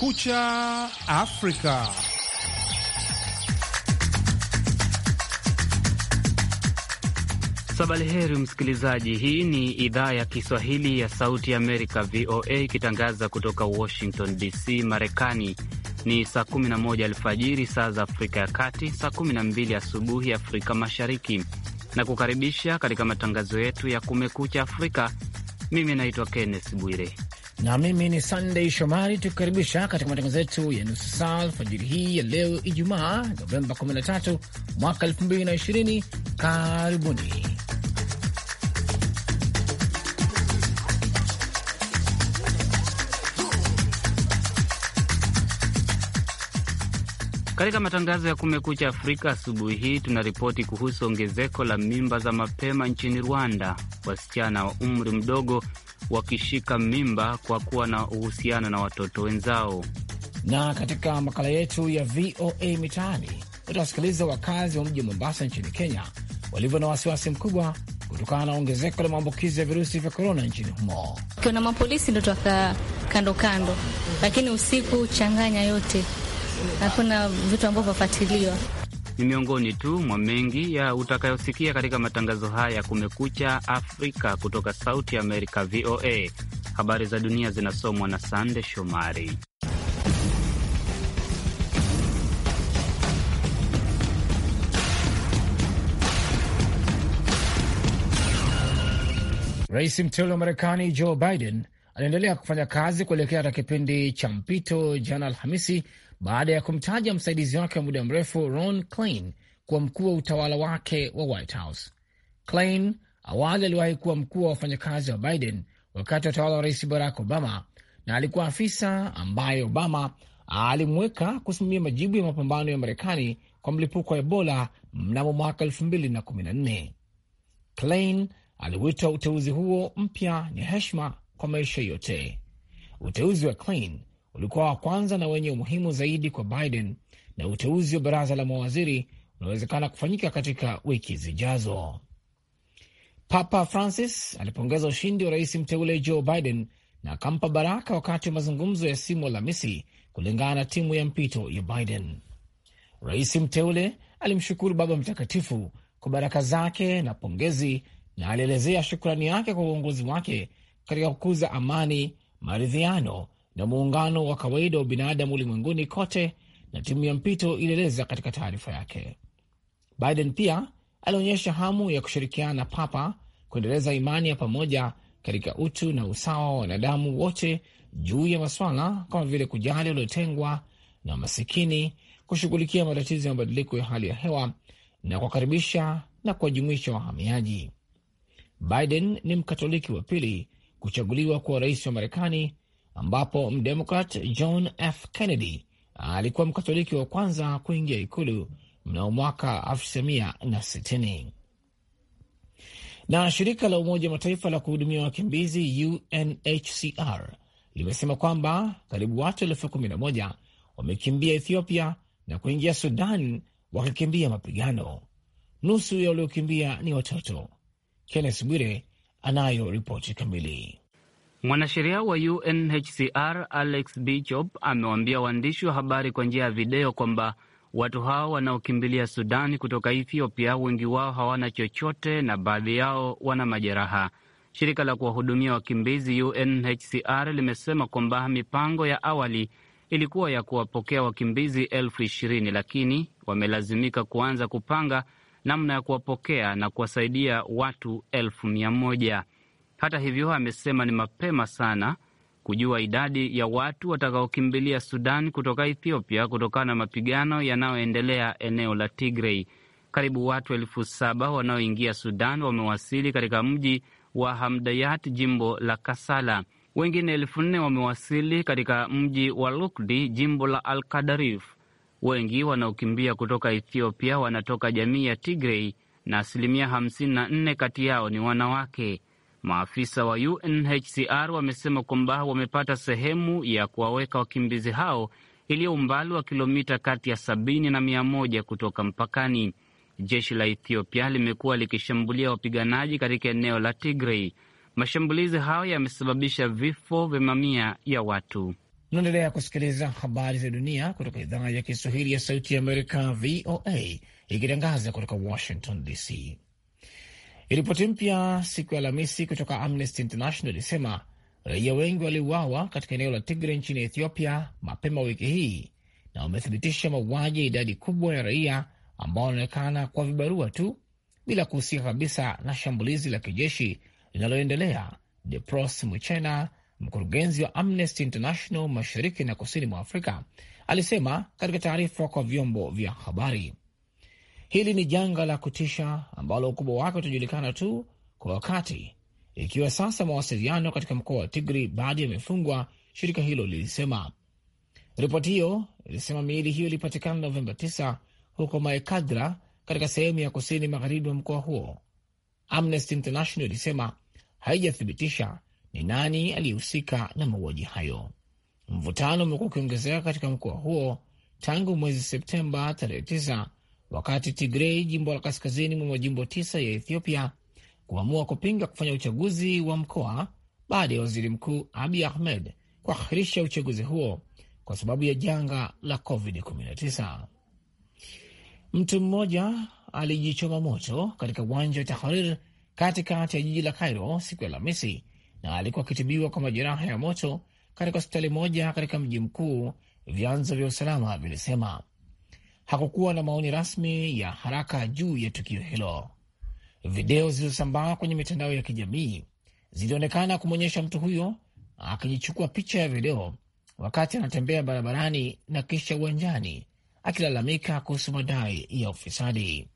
Kumekucha Afrika. Sabalheri msikilizaji, hii ni idhaa ya Kiswahili ya Sauti ya Amerika, VOA, ikitangaza kutoka Washington DC, Marekani. Ni saa 11 alfajiri saa za Afrika ya Kati, saa 12 asubuhi Afrika Mashariki, na kukaribisha katika matangazo yetu ya Kumekucha Afrika. Mimi naitwa Kenneth Bwire na mimi ni Sunday Shomari, tukikaribisha katika matangazo yetu ya nusu saa alfajiri hii ya leo Ijumaa Novemba 13 mwaka 2020. Karibuni. Katika matangazo ya Kumekucha Afrika asubuhi hii tunaripoti kuhusu ongezeko la mimba za mapema nchini Rwanda, wasichana wa umri mdogo wakishika mimba kwa kuwa na uhusiano na watoto wenzao. Na katika makala yetu ya VOA Mitaani utawasikiliza wakazi wa mji wa Mombasa nchini Kenya walivyo na wasiwasi mkubwa kutokana na ongezeko la maambukizi ya virusi vya korona nchini humo. Ukiona mapolisi ndo twakaa kando kando, lakini usiku changanya yote hakuna vitu ambavyo vafuatiliwa. Ni miongoni tu mwa mengi ya utakayosikia katika matangazo haya ya Kumekucha Afrika kutoka Sauti Amerika, VOA. Habari za dunia zinasomwa na Sande Shomari. Rais mteule wa Marekani Joe Biden anaendelea kufanya kazi kuelekea hata kipindi cha mpito jana Alhamisi, baada ya kumtaja msaidizi wake wa muda mrefu Ron Klain kuwa mkuu wa utawala wake wa White House. Klain awali aliwahi kuwa mkuu wa wafanyakazi wa Biden wakati wa utawala wa Rais Barack Obama, na alikuwa afisa ambaye Obama alimweka kusimamia majibu ya mapambano ya Marekani kwa mlipuko wa Ebola mnamo mwaka 2014. Klain aliwita uteuzi huo mpya ni heshima kwa maisha yote. Uteuzi wa Klein ulikuwa wa kwanza na wenye umuhimu zaidi kwa Biden na uteuzi wa baraza la mawaziri unawezekana kufanyika katika wiki zijazo. Papa Francis alipongeza ushindi wa rais mteule Joe Biden na akampa baraka wakati wa mazungumzo ya simu Alhamisi, kulingana na timu ya mpito ya Biden. Rais mteule alimshukuru Baba Mtakatifu kwa baraka zake na pongezi, na alielezea shukrani yake kwa uongozi wake katika kukuza amani, maridhiano na muungano wa kawaida wa binadamu ulimwenguni kote, na timu ya mpito ilieleza katika taarifa yake. Biden pia alionyesha hamu ya kushirikiana na Papa kuendeleza imani ya pamoja katika utu na usawa wa wanadamu wote juu ya maswala kama vile kujali waliotengwa na masikini, kushughulikia matatizo ya mabadiliko ya hali ya hewa na kuwakaribisha na kuwajumuisha wahamiaji. Biden ni Mkatoliki wa pili kuchaguliwa kwa rais wa Marekani, ambapo mdemokrat John F Kennedy alikuwa mkatoliki wa kwanza kuingia ikulu mnamo mwaka 1960. Na shirika la Umoja wa Mataifa la kuhudumia wakimbizi UNHCR limesema kwamba karibu watu elfu kumi na moja wamekimbia Ethiopia na kuingia Sudan wakikimbia mapigano. Nusu ya waliokimbia ni watoto. Kennes Bwire anayo ripoti kamili. Mwanasheria wa UNHCR Alex Bichop amewaambia waandishi wa habari kwa njia ya video kwamba watu hao wanaokimbilia Sudani kutoka Ethiopia wengi wao hawana chochote na baadhi yao wana majeraha. Shirika la kuwahudumia wakimbizi UNHCR limesema kwamba mipango ya awali ilikuwa ya kuwapokea wakimbizi elfu ishirini lakini wamelazimika kuanza kupanga namna ya kuwapokea na kuwasaidia watu elfu mia moja. Hata hivyo, amesema ni mapema sana kujua idadi ya watu watakaokimbilia Sudan kutoka Ethiopia kutokana na mapigano yanayoendelea eneo la Tigrei. Karibu watu elfu saba wanaoingia Sudan wamewasili katika mji wa Hamdayat, jimbo la Kasala. Wengine elfu nne wamewasili katika mji wa Lukdi, jimbo la Alkadarif. Wengi wanaokimbia kutoka Ethiopia wanatoka jamii ya Tigrei na asilimia 54 kati yao ni wanawake. Maafisa wa UNHCR wamesema kwamba wamepata sehemu ya kuwaweka wakimbizi hao iliyo umbali wa kilomita kati ya 70 na 100 kutoka mpakani. Jeshi la Ethiopia limekuwa likishambulia wapiganaji katika eneo la Tigrei. Mashambulizi hayo yamesababisha vifo vya mamia ya watu unaendelea kusikiliza habari za dunia kutoka idhaa ya Kiswahili ya sauti ya Amerika, VOA, ikitangaza kutoka Washington DC. Ripoti mpya siku ya Alhamisi kutoka Amnesty International ilisema raia wengi waliuawa katika eneo la Tigre nchini Ethiopia mapema wiki hii, na wamethibitisha mauaji ya idadi kubwa ya raia ambao wanaonekana kwa vibarua tu bila kuhusika kabisa na shambulizi la kijeshi linaloendelea. Depros Muchena, Mkurugenzi wa Amnesty International mashariki na kusini mwa Afrika alisema katika taarifa kwa vyombo vya habari, hili ni janga la kutisha ambalo ukubwa wake utajulikana tu kwa wakati. Ikiwa sasa mawasiliano katika mkoa wa Tigri bado yamefungwa, shirika hilo lilisema. Ripoti hiyo ilisema miili hiyo ilipatikana Novemba 9 huko Maekadra, katika sehemu ya kusini magharibi wa mkoa huo. Amnesty International ilisema haijathibitisha ni nani aliyehusika na mauaji hayo. Mvutano umekuwa ukiongezeka katika mkoa huo tangu mwezi Septemba tarehe 9 wakati Tigrei, jimbo la kaskazini mwa majimbo tisa ya Ethiopia, kuamua kupinga kufanya uchaguzi wa mkoa baada ya waziri mkuu Abi Ahmed kuahirisha uchaguzi huo kwa sababu ya janga la COVID-19. Mtu mmoja alijichoma moto katika uwanja wa Tahrir katikati ya jiji la Cairo siku ya Alhamisi na alikuwa akitibiwa kwa majeraha ya moto katika hospitali moja katika mji mkuu, vyanzo vya usalama vilisema. Hakukuwa na maoni rasmi ya haraka juu ya tukio hilo. Video zilizosambaa kwenye mitandao ya kijamii zilionekana kumwonyesha mtu huyo akijichukua picha ya video wakati anatembea barabarani na kisha uwanjani, akilalamika kuhusu madai ya ufisadi.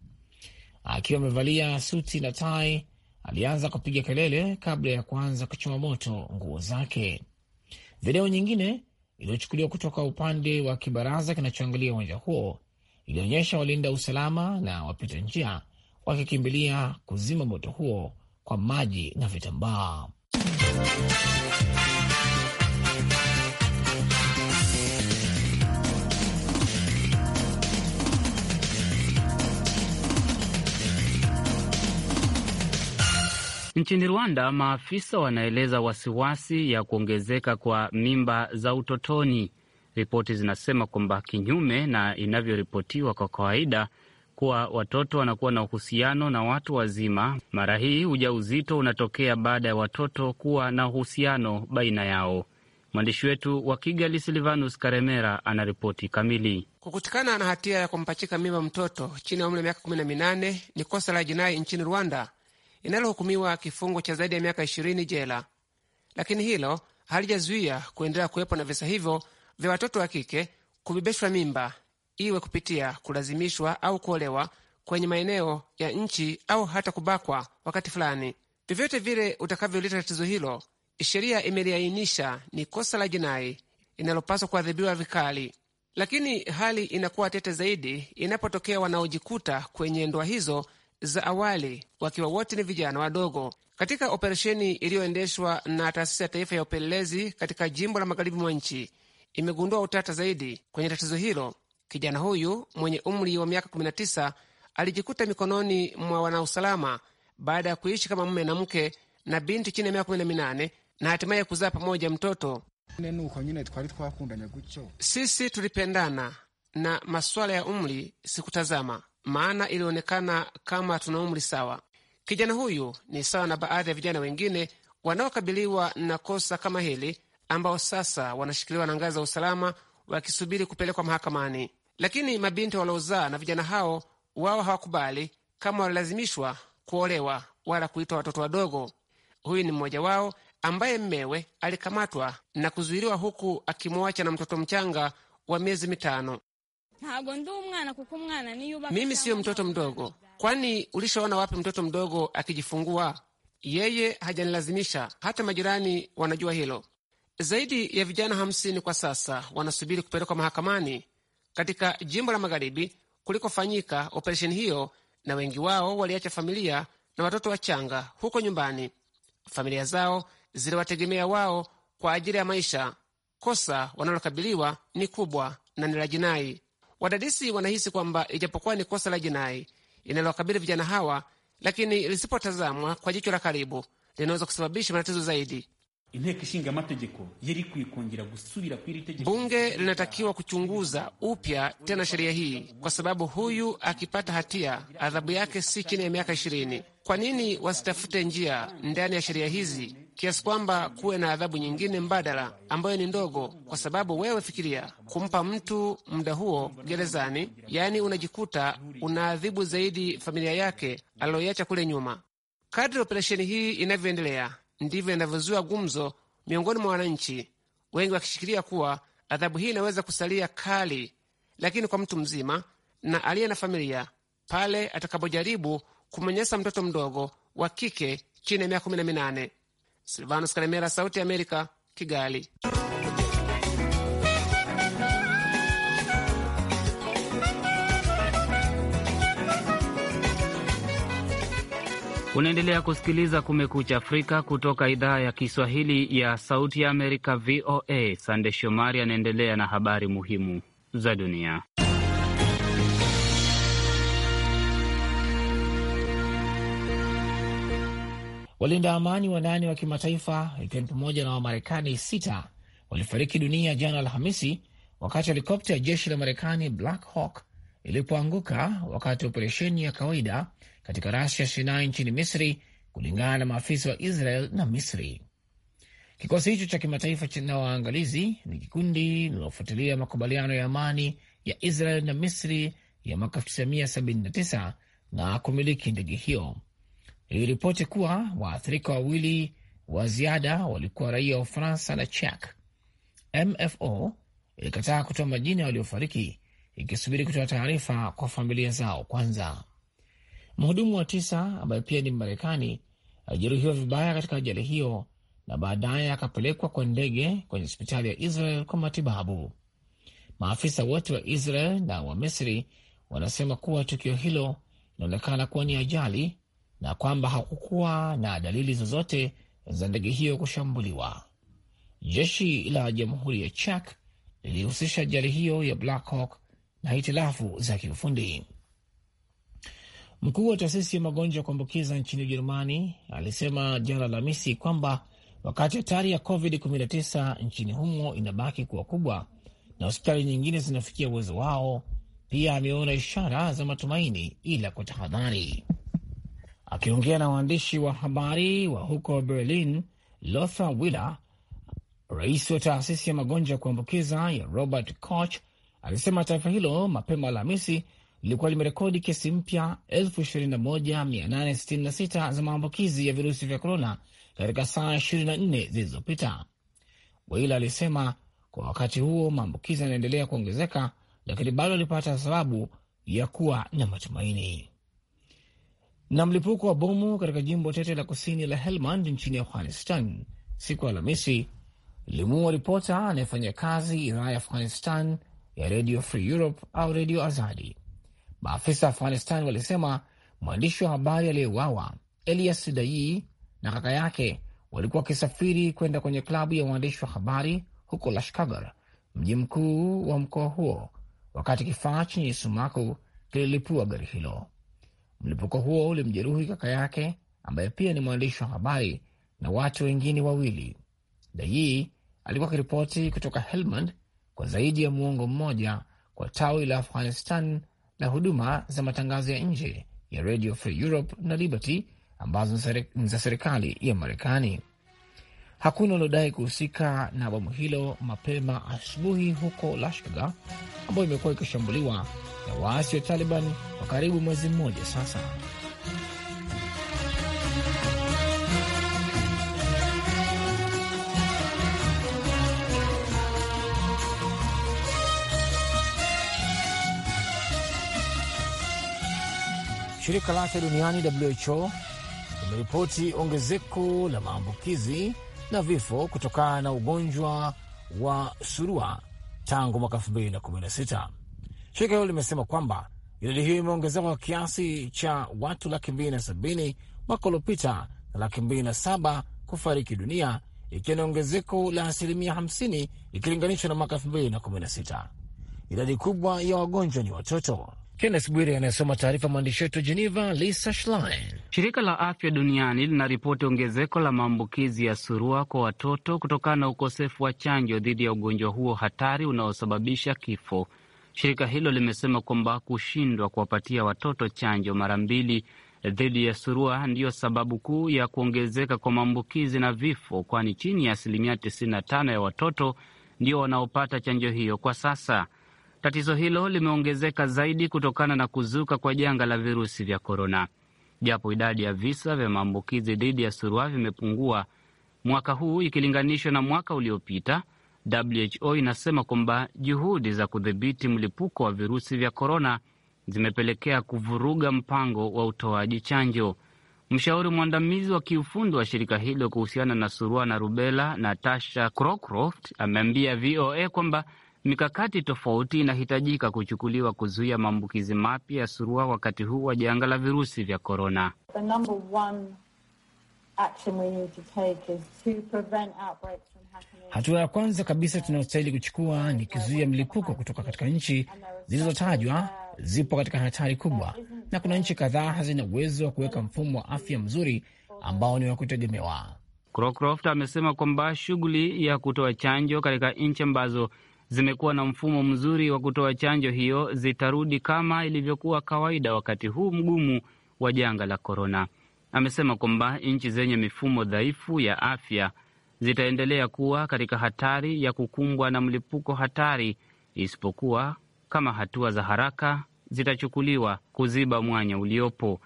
Akiwa amevalia suti na tai, alianza kupiga kelele kabla ya kuanza kuchoma moto nguo zake. Video nyingine iliyochukuliwa kutoka upande wa kibaraza kinachoangalia uwanja huo ilionyesha walinda usalama na wapita njia wakikimbilia kuzima moto huo kwa maji na vitambaa. Nchini Rwanda, maafisa wanaeleza wasiwasi ya kuongezeka kwa mimba za utotoni. Ripoti zinasema kwamba kinyume na inavyoripotiwa kwa kawaida kuwa watoto wanakuwa na uhusiano na watu wazima, mara hii ujauzito unatokea baada ya watoto kuwa na uhusiano baina yao. Mwandishi wetu wa Kigali, Silvanus Karemera, ana ripoti kamili. Kukutikana na hatia ya kumpachika mimba mtoto chini ya umri wa miaka kumi na minane ni kosa la jinai nchini Rwanda linalohukumiwa kifungo cha zaidi ya miaka ishirini jela, lakini hilo halijazuia kuendelea kuwepo na visa hivyo vya watoto wa kike kubebeshwa mimba, iwe kupitia kulazimishwa au kuolewa kwenye maeneo ya nchi au hata kubakwa wakati fulani. Vyovyote vile utakavyoleta tatizo hilo, sheria imeliainisha ni kosa la jinai linalopaswa kuadhibiwa vikali. Lakini hali inakuwa tete zaidi inapotokea wanaojikuta kwenye ndoa hizo za awali, wakiwa wote ni vijana wadogo. Katika operesheni iliyoendeshwa na taasisi ya taifa ya upelelezi katika jimbo la magharibi mwa nchi, imegundua utata zaidi kwenye tatizo hilo. Kijana huyu mwenye umri wa miaka 19 alijikuta mikononi mwa wanausalama baada ya kuishi kama mume na mke na binti chini ya miaka 18 na hatimaye kuzaa pamoja mtoto. Sisi tulipendana na masuala ya umri sikutazama maana ilionekana kama tuna umri sawa. Kijana huyu ni sawa na baadhi ya vijana wengine wanaokabiliwa na kosa kama hili, ambao sasa wanashikiliwa na ngazi za usalama wakisubiri kupelekwa mahakamani. Lakini mabinti waliozaa na vijana hao wao hawakubali kama walilazimishwa kuolewa wala kuitwa watoto wadogo. Huyu ni mmoja wao ambaye mmewe alikamatwa na kuzuiliwa huku akimwacha na mtoto mchanga wa miezi mitano. Mimi siyo mtoto mdogo. Kwani ulishaona wapi mtoto mdogo akijifungua? Yeye hajanilazimisha, hata majirani wanajua hilo. Zaidi ya vijana hamsini kwa sasa wanasubiri kupelekwa mahakamani katika jimbo la magharibi kulikofanyika operesheni hiyo, na wengi wao waliacha familia na watoto wachanga huko nyumbani. Familia zao ziliwategemea wao kwa ajili ya maisha. Kosa wanalokabiliwa ni kubwa na ni la jinai. Wadadisi wanahisi kwamba ijapokuwa ni kosa la jinai inalowakabili vijana hawa, lakini lisipotazamwa kwa jicho la karibu linaweza kusababisha matatizo zaidi. Bunge linatakiwa kuchunguza upya tena sheria hii, kwa sababu huyu akipata hatia adhabu yake si chini ya miaka ishirini. Kwa nini wasitafute njia ndani ya sheria hizi kiasi kwamba kuwe na adhabu nyingine mbadala ambayo ni ndogo, kwa sababu wewe fikiria kumpa mtu muda huo gerezani, yaani unajikuta unaadhibu zaidi familia yake aliyoiacha kule nyuma. Kadri operesheni hii inavyoendelea, ndivyo inavyozua gumzo miongoni mwa wananchi, wengi wakishikilia kuwa adhabu hii inaweza kusalia kali, lakini kwa mtu mzima na aliye na familia, pale atakapojaribu kumenyesa mtoto mdogo wa kike chini ya miaka kumi na minane. Silvanus Karemera, Sauti Amerika, Kigali. Unaendelea kusikiliza Kumekucha Afrika kutoka idhaa ya Kiswahili ya Sauti ya Amerika, VOA. Sande Shomari anaendelea na habari muhimu za dunia. Walinda amani wanane wa kimataifa ikiwa ni pamoja na Wamarekani sita walifariki dunia jana Alhamisi wakati helikopta ya jeshi la Marekani Black Hawk ilipoanguka wakati wa operesheni ya kawaida katika rasi ya Sinai nchini Misri, kulingana na maafisa wa Israel na Misri. Kikosi hicho cha kimataifa na waangalizi ni kikundi linalofuatilia makubaliano ya amani ya Israel na Misri ya mwaka 1979 na kumiliki ndege hiyo iliripoti kuwa waathirika wawili wa ziada walikuwa raia wa Ufaransa na Czech. MFO ilikataa kutoa majina waliofariki ikisubiri kutoa taarifa kwa familia zao kwanza. Mhudumu wa tisa ambaye pia ni marekani alijeruhiwa vibaya katika ajali hiyo na baadaye akapelekwa kwa ndege kwenye hospitali ya Israel kwa matibabu. Maafisa wote wa Israel na wa Misri wanasema kuwa tukio hilo linaonekana kuwa ni ajali na kwamba hakukuwa na dalili zozote za ndege hiyo kushambuliwa. Jeshi la Jamhuri ya chak lilihusisha ajali hiyo ya Black Hawk na hitilafu za kiufundi. Mkuu wa taasisi ya magonjwa ya kuambukiza nchini Ujerumani alisema jana Alhamisi kwamba wakati hatari ya COVID-19 nchini humo inabaki kuwa kubwa na hospitali nyingine zinafikia uwezo wao, pia ameona ishara za matumaini, ila kwa tahadhari. Akiongea na waandishi wa habari wa huko Berlin, Lothar Wieler, rais wa taasisi ya magonjwa ya kuambukiza ya Robert Koch, alisema taifa hilo mapema Alhamisi lilikuwa limerekodi kesi mpya 21866 za maambukizi ya virusi vya korona katika saa 24 zilizopita. Wila alisema kwa wakati huo maambukizi yanaendelea kuongezeka, lakini bado alipata sababu ya kuwa na matumaini. Na mlipuko wa bomu katika jimbo tete la kusini la Helmand nchini Afghanistan siku ya Alhamisi limuua ripota anayefanya kazi idhaa ya Afghanistan ya Radio Free Europe au Radio Azadi. Maafisa wa Afghanistan walisema mwandishi wa habari aliyeuawa Elias Dayi na kaka yake walikuwa wakisafiri kwenda kwenye klabu ya waandishi wa habari huko Lashkagar, mji mkuu wa mkoa huo, wakati kifaa chenye sumaku kililipua gari hilo. Mlipuko huo ulimjeruhi kaka yake ambaye pia ni mwandishi wa habari na watu wengine wawili. Dayii alikuwa akiripoti kutoka Helmand kwa zaidi ya muongo mmoja kwa tawi la Afghanistan la huduma za matangazo ya nje ya Radio Free Europe na Liberty ambazo ni za serikali ya Marekani. Hakuna waliodai kuhusika na bomu hilo mapema asubuhi huko Lashkaga, ambayo imekuwa ikishambuliwa na waasi wa Taliban kwa karibu mwezi mmoja sasa. Shirika la afya duniani WHO limeripoti ongezeko la maambukizi na vifo kutokana na ugonjwa wa surua tangu mwaka 2016. Shirika hilo limesema kwamba idadi hiyo imeongezeka kwa kiasi cha watu laki mbili na sabini mwaka uliopita na laki mbili na saba kufariki dunia ikiwa ni ongezeko la asilimia 50 ikilinganishwa na mwaka 2016. Idadi kubwa ya wagonjwa ni watoto. Kennes Bwire anayesoma taarifa mwandishi wetu Geneva, Lisa Schlein. Shirika la Afya Duniani linaripoti ongezeko la maambukizi ya surua kwa watoto kutokana na ukosefu wa chanjo dhidi ya ugonjwa huo hatari unaosababisha kifo. Shirika hilo limesema kwamba kushindwa kuwapatia watoto chanjo mara mbili dhidi ya surua ndiyo sababu kuu ya kuongezeka kwa maambukizi na vifo, kwani chini ya asilimia 95 ya watoto ndio wanaopata chanjo hiyo kwa sasa. Tatizo hilo limeongezeka zaidi kutokana na kuzuka kwa janga la virusi vya korona. Japo idadi ya visa vya maambukizi dhidi ya surua vimepungua mwaka huu ikilinganishwa na mwaka uliopita, WHO inasema kwamba juhudi za kudhibiti mlipuko wa virusi vya korona zimepelekea kuvuruga mpango wa utoaji chanjo. Mshauri mwandamizi wa kiufundi wa shirika hilo kuhusiana na surua na rubela, Natasha Crocroft, ameambia VOA kwamba mikakati tofauti inahitajika kuchukuliwa kuzuia maambukizi mapya ya surua wakati huu wa janga la virusi vya korona. Hatua ya kwanza kabisa tunayostahili kuchukua ni kuzuia mlipuko kutoka katika nchi zilizotajwa zipo katika hatari kubwa, na kuna nchi kadhaa hazina uwezo wa kuweka mfumo wa afya mzuri ambao ni wa kutegemewa. Crocroft amesema kwamba shughuli ya kutoa chanjo katika nchi ambazo zimekuwa na mfumo mzuri wa kutoa chanjo hiyo zitarudi kama ilivyokuwa kawaida wakati huu mgumu wa janga la korona. Amesema kwamba nchi zenye mifumo dhaifu ya afya zitaendelea kuwa katika hatari ya kukumbwa na mlipuko hatari, isipokuwa kama hatua za haraka zitachukuliwa kuziba mwanya uliopo.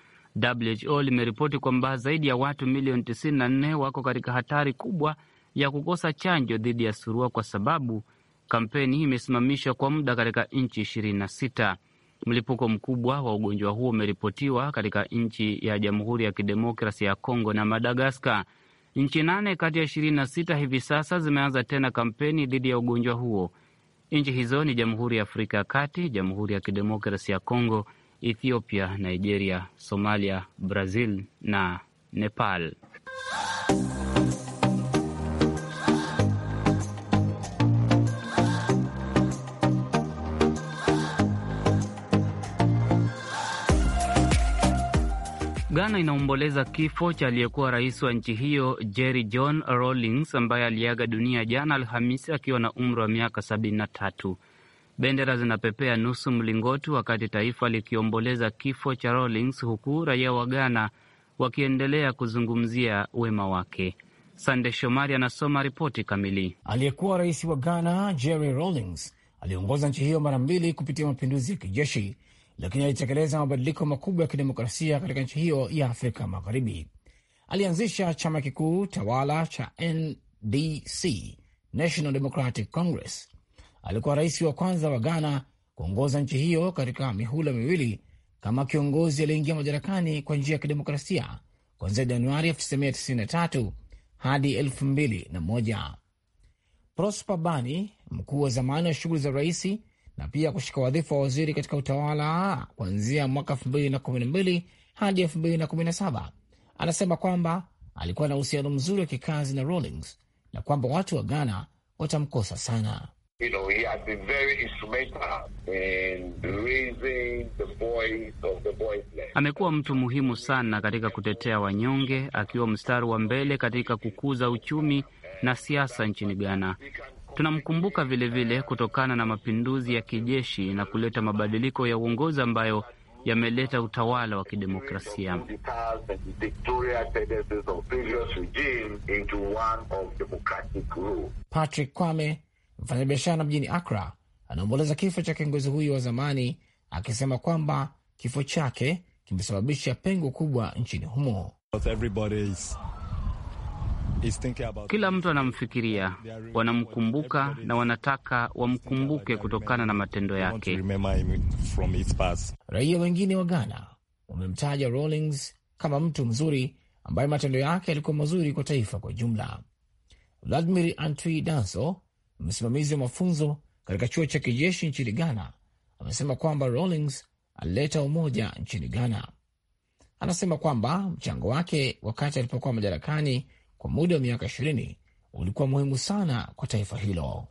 WHO limeripoti kwamba zaidi ya watu milioni 94 wako katika hatari kubwa ya kukosa chanjo dhidi ya surua kwa sababu kampeni hii imesimamishwa kwa muda katika nchi 26. Mlipuko mkubwa wa ugonjwa huo umeripotiwa katika nchi ya Jamhuri ya Kidemokrasi ya Kongo na Madagaskar. Nchi nane kati ya ishirini na sita hivi sasa zimeanza tena kampeni dhidi ya ugonjwa huo. Nchi hizo ni Jamhuri ya Afrika ya Kati, Jamhuri ya Kidemokrasi ya congo Ethiopia, Nigeria, Somalia, Brazil na Nepal. Ghana inaomboleza kifo cha aliyekuwa rais wa nchi hiyo Jerry John Rawlings ambaye aliaga dunia jana Alhamisi akiwa na umri wa miaka 73. Bendera zinapepea nusu mlingoti wakati taifa likiomboleza kifo cha Rawlings, huku raia wa Ghana wakiendelea kuzungumzia wema wake. Sande Shomari anasoma ripoti kamili. Aliyekuwa rais wa Ghana Jerry Rawlings aliongoza nchi hiyo mara mbili kupitia mapinduzi ya kijeshi lakini alitekeleza mabadiliko makubwa ya kidemokrasia katika nchi hiyo ya Afrika Magharibi. Alianzisha chama kikuu tawala cha NDC, National Democratic Congress. Alikuwa rais wa kwanza wa Ghana kuongoza nchi hiyo katika mihula miwili kama kiongozi aliyeingia madarakani kwa njia ya kidemokrasia kuanzia Januari 1993 hadi 2001. Prosper Bani, mkuu wa zamani wa shughuli za raisi na pia kushika wadhifa wa waziri katika utawala kuanzia mwaka mbili hadi saba. Anasema kwamba alikuwa na uhusiano mzuri wa kikazi na Rawlings na kwamba watu wa Ghana watamkosa sana. You know, he has been very instrumental in raising the voice of the voiceless. Amekuwa mtu muhimu sana katika kutetea wanyonge, akiwa mstari wa mbele katika kukuza uchumi na siasa nchini Ghana. Tunamkumbuka vilevile kutokana na mapinduzi ya kijeshi na kuleta mabadiliko ya uongozi ambayo yameleta utawala wa kidemokrasia. Patrick Kwame, mfanyabiashara mjini Accra, anaomboleza kifo cha kiongozi huyo wa zamani, akisema kwamba kifo chake kimesababisha pengo kubwa nchini humo. Kila mtu anamfikiria, wanamkumbuka na wanataka wamkumbuke kutokana na matendo yake. Raia wengine wa Ghana wamemtaja Rawlings kama mtu mzuri ambaye matendo yake yalikuwa mazuri kwa taifa kwa jumla. Vladimir Antwi Danso, msimamizi wa mafunzo katika chuo cha kijeshi nchini Ghana, amesema kwamba Rawlings alileta umoja nchini Ghana. Anasema kwamba mchango wake wakati alipokuwa madarakani kwa muda wa miaka ishirini ulikuwa muhimu sana kwa taifa hilo.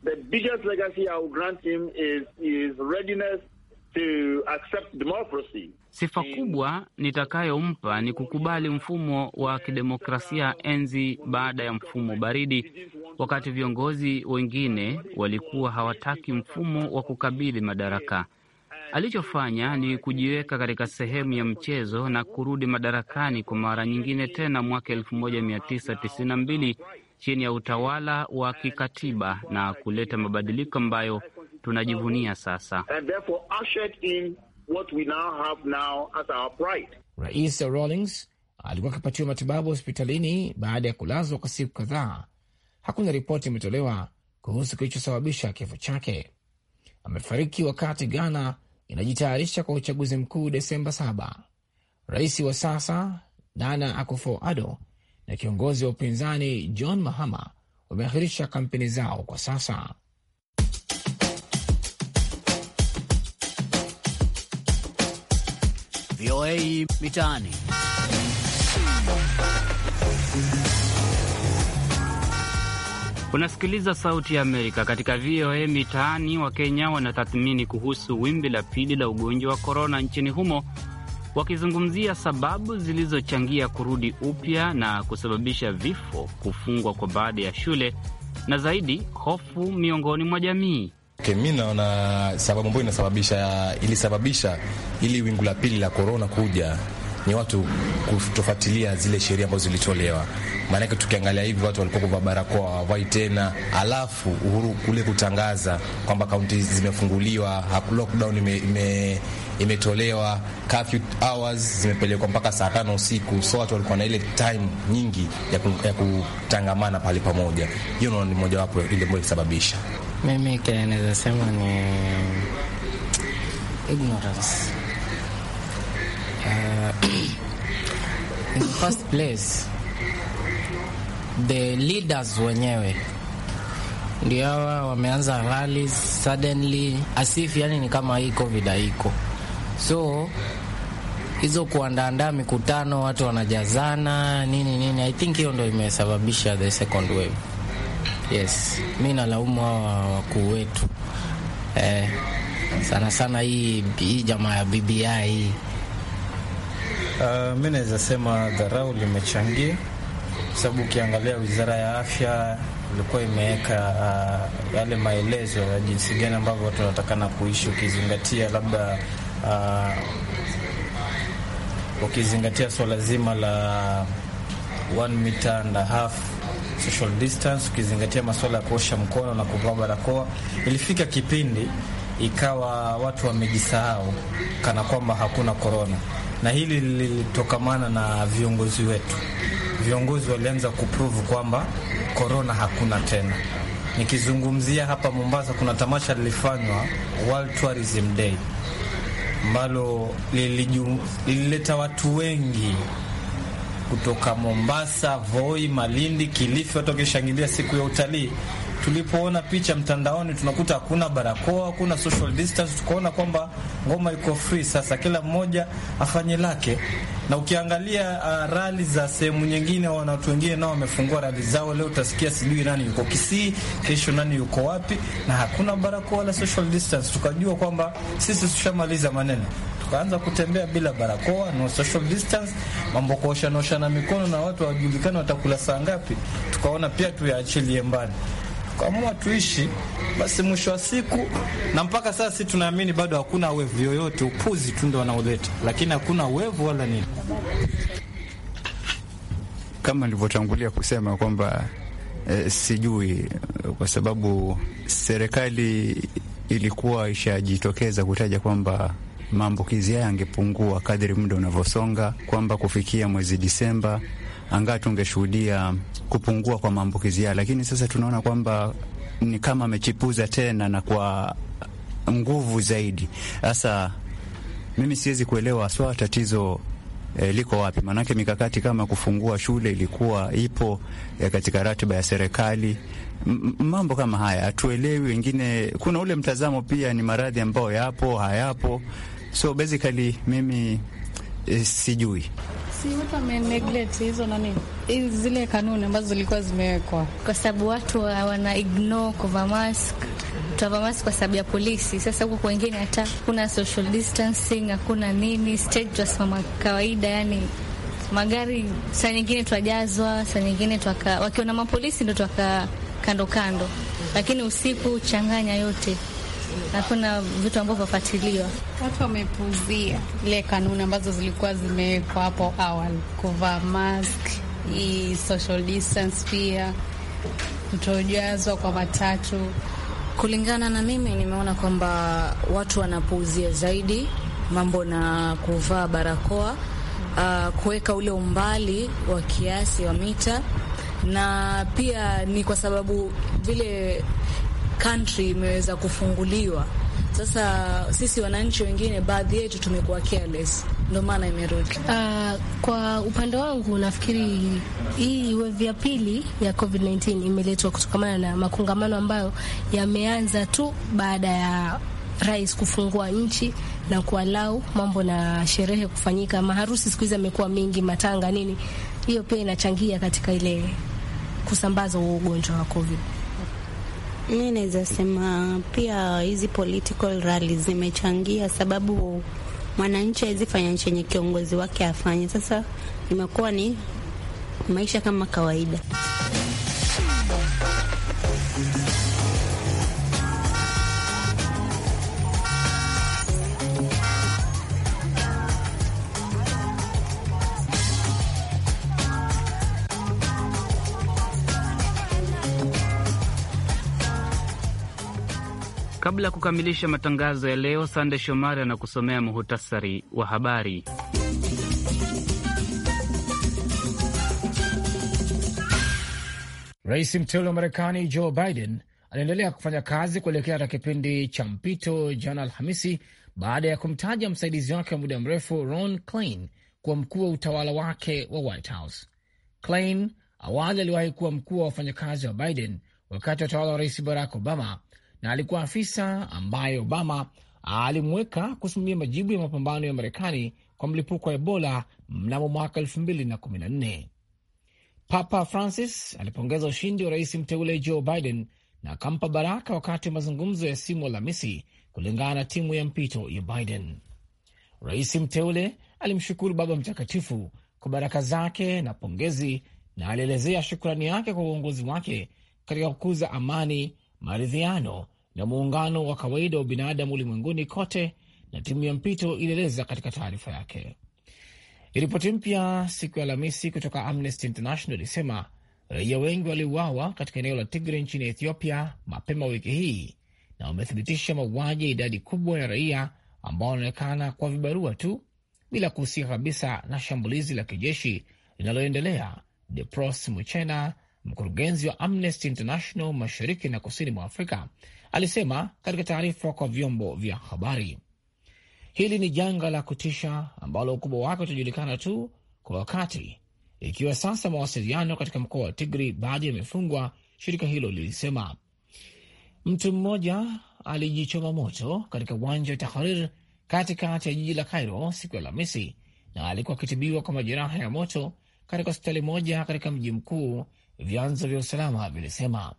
Sifa kubwa nitakayompa ni kukubali mfumo wa kidemokrasia enzi baada ya mfumo baridi, wakati viongozi wengine walikuwa hawataki mfumo wa kukabidhi madaraka. Alichofanya ni kujiweka katika sehemu ya mchezo na kurudi madarakani kwa mara nyingine tena mwaka 1992 chini ya utawala wa kikatiba na kuleta mabadiliko ambayo tunajivunia sasa. Rais Rawlings alikuwa akipatiwa matibabu hospitalini baada ya kulazwa kwa siku kadhaa. Hakuna ripoti imetolewa kuhusu kilichosababisha kifo chake. Amefariki wakati Ghana inajitayarisha kwa uchaguzi mkuu Desemba 7. Rais wa sasa Nana Akufo-Addo na kiongozi wa upinzani John Mahama wameahirisha kampeni zao kwa sasa. VOA Mitaani. Unasikiliza Sauti ya Amerika katika VOA Mitaani. Wakenya wanatathmini kuhusu wimbi la pili la ugonjwa wa korona nchini humo, wakizungumzia sababu zilizochangia kurudi upya na kusababisha vifo, kufungwa kwa baadhi ya shule na zaidi, hofu miongoni mwa jamii. Okay, mi naona sababu ambayo inasababisha ilisababisha ili wingu la pili la korona kuja ni watu kutofuatilia zile sheria ambazo zilitolewa. Maanake tukiangalia hivi watu walikuwa kuvaa barakoa hawavai tena, alafu uhuru kule kutangaza kwamba kaunti zimefunguliwa, lockdown ime, ime imetolewa curfew hours zimepelekwa mpaka saa tano usiku, so watu walikuwa na ile time nyingi ya, ku, ya kutangamana pale pamoja. Hiyo ni mojawapo ile ambayo ilisababisha. Mimi kile naweza sema ni ignorance. Uh, In the first place, the leaders wenyewe ndio hawa wameanza rallies suddenly asif, yani ni kama hii covid haiko, so hizo kuandaandaa mikutano watu wanajazana nini nini, I think hiyo ndo imesababisha the second wave. Yes, mi nalaumu hawa wakuu wetu eh, sana sana hii hii jamaa ya BBI hii Uh, mi naweza sema dharau limechangia kwa sababu ukiangalia wizara ya afya ilikuwa imeweka uh, yale maelezo ya jinsi gani ambavyo wanatakana kuishi, ukizingatia labda uh, ukizingatia swala so zima la one meter and a half social distance, ukizingatia masuala ya kuosha mkono na kuvaa barakoa. Ilifika kipindi ikawa watu wamejisahau kana kwamba hakuna korona na hili lilitokamana na viongozi wetu. Viongozi walianza kuprove kwamba korona hakuna tena. Nikizungumzia hapa Mombasa, kuna tamasha lilifanywa World Tourism Day ambalo lilileta watu wengi kutoka Mombasa, Voi, Malindi, Kilifi, watu wakishangilia siku ya utalii tulipoona picha mtandaoni tunakuta hakuna barakoa, hakuna social distance, tukaona kwamba ngoma iko free. Sasa kila mmoja afanye lake, na ukiangalia uh, rali za sehemu nyingine, wana watu wengine nao wamefungua rali zao. Leo utasikia sijui nani yuko Kisii, kesho nani yuko wapi, na hakuna barakoa wala social distance. Tukajua kwamba sisi tushamaliza maneno tukaanza kutembea bila barakoa, no social distance, mambo kuoshanaoshana mikono na watu hawajulikani watakula saa ngapi, tukaona pia tuyaachilie mbali kwa mama tuishi basi, mwisho wa siku. Na mpaka sasa si tunaamini bado hakuna wevu yoyote, upuzi tu ndo wanaoleta, lakini hakuna wevu wala nini. Kama nilivyotangulia kusema kwamba eh, sijui kwa sababu serikali ilikuwa ishajitokeza kutaja kwamba maambukizi haya yangepungua kadri muda unavyosonga, kwamba kufikia mwezi Disemba angaa tungeshuhudia kupungua kwa maambukizi yao, lakini sasa tunaona kwamba ni kama amechipuza tena na kwa nguvu zaidi. Sasa mimi siwezi kuelewa swa tatizo E, liko wapi? Maanake mikakati kama kufungua shule ilikuwa ipo e, katika ratiba ya serikali. Mambo kama haya hatuelewi. Wengine kuna ule mtazamo pia, ni maradhi ambayo yapo hayapo, so basically mimi e, sijui si watu neglect hizo nani zile kanuni ambazo zilikuwa zimewekwa, kwa sababu watu wana ignore kuvaa mask tutavaa mask kwa sababu ya polisi. Sasa huko kwengine hata kuna social distancing, hakuna nini, stage tutasimama kawaida, yani magari saa nyingine twajazwa, saa nyingine wakiona mapolisi ndo twaka kando kando, lakini usiku changanya yote na kuna vitu ambavyo vafatiliwa Watu wamepuzia ile kanuni ambazo zilikuwa zimewekwa hapo awali, kuvaa mask, hii social distance, pia kutojazwa kwa matatu. Kulingana na mimi, nimeona kwamba watu wanapuuzia zaidi mambo na kuvaa barakoa, uh, kuweka ule umbali wa kiasi wa mita na pia ni kwa sababu vile country imeweza kufunguliwa. Sasa sisi wananchi wengine, baadhi yetu tumekuwa careless, ndio maana imerudi. Uh, kwa upande wangu nafikiri hii wave ya pili ya COVID-19 imeletwa kutokamana na makongamano ambayo yameanza tu baada ya rais kufungua nchi na kualau mambo na sherehe kufanyika. Maharusi siku hizi amekuwa mingi, matanga nini, hiyo pia inachangia katika ile kusambaza huo ugonjwa wa COVID. Mi naweza sema pia hizi political rally zimechangia, sababu mwananchi hawezi fanya chenye kiongozi wake afanye. Sasa imekuwa ni maisha kama kawaida. Kabla ya kukamilisha matangazo ya leo, Sande Shomari anakusomea muhutasari wa habari. Rais mteule wa Marekani Joe Biden anaendelea kufanya kazi kuelekea katika kipindi cha mpito jana Alhamisi, baada ya kumtaja msaidizi wake wa muda mrefu Ron Klain kuwa mkuu wa utawala wake wa White House. Klain awali aliwahi kuwa mkuu wa wafanyakazi wa Biden wakati wa utawala wa rais Barack Obama na alikuwa afisa ambaye Obama alimweka kusimamia majibu ya mapambano ya Marekani kwa mlipuko wa Ebola mnamo mwaka nne. Papa Francis alipongeza ushindi wa rais mteule Joe Biden na akampa baraka wakati wa mazungumzo ya simu Alhamisi, kulingana na timu ya mpito ya Biden. Rais mteule alimshukuru Baba Mtakatifu kwa baraka zake na pongezi, na alielezea shukrani yake kwa uongozi wake katika kukuza amani maridhiano na muungano wa kawaida wa binadamu ulimwenguni kote, na timu ya mpito ilieleza katika taarifa yake. Ripoti mpya siku ya Alhamisi kutoka Amnesty International ilisema raia wengi waliuawa katika eneo la tigre nchini Ethiopia mapema wiki hii, na wamethibitisha mauaji ya idadi kubwa ya raia ambao wanaonekana kwa vibarua tu bila kuhusika kabisa na shambulizi la kijeshi linaloendelea. Depros Muchena Mkurugenzi wa Amnesty International mashariki na kusini mwa Afrika alisema katika taarifa kwa vyombo vya habari, hili ni janga la kutisha ambalo ukubwa wake utajulikana tu kwa wakati, ikiwa sasa mawasiliano katika mkoa wa Tigri baadhi yamefungwa, shirika hilo lilisema. Mtu mmoja alijichoma moto katika uwanja wa Tahrir katikati ya jiji la Cairo siku ya Alhamisi na alikuwa akitibiwa kwa majeraha ya moto katika hospitali moja katika mji mkuu vyanzo vya usalama vilisema.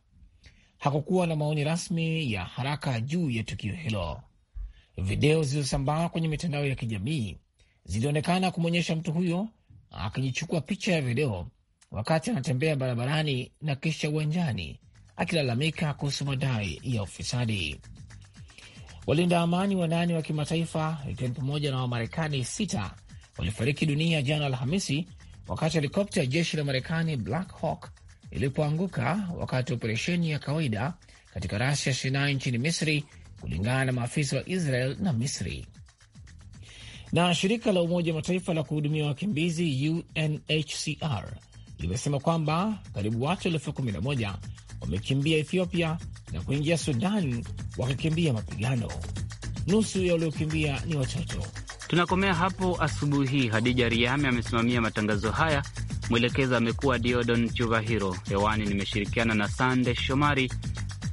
Hakukuwa na maoni rasmi ya haraka juu ya tukio hilo. Video zilizosambaa kwenye mitandao ya kijamii zilionekana kumwonyesha mtu huyo akijichukua picha ya video wakati anatembea barabarani na kisha uwanjani akilalamika kuhusu madai ya ufisadi. Walinda amani wanane wa kimataifa ikiwa ni pamoja na Wamarekani sita walifariki dunia jana Alhamisi wakati helikopta ya jeshi la Marekani Black Hawk ilipoanguka wakati wa operesheni ya kawaida katika rasi ya Sinai nchini Misri, kulingana na maafisa wa Israel na Misri. Na shirika la Umoja wa Mataifa la kuhudumia wakimbizi UNHCR limesema kwamba karibu watu elfu kumi na moja wamekimbia Ethiopia na kuingia Sudan wakikimbia mapigano. Nusu ya waliokimbia ni watoto. Tunakomea hapo asubuhi. Hadija Riami amesimamia matangazo haya. Mwelekezi amekuwa Diodon Chuvahiro. Hewani nimeshirikiana na Sande Shomari.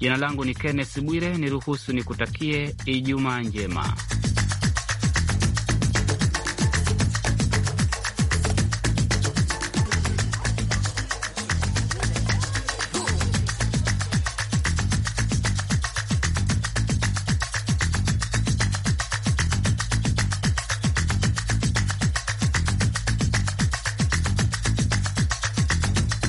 Jina langu ni Kennes Bwire, niruhusu nikutakie Ijumaa njema.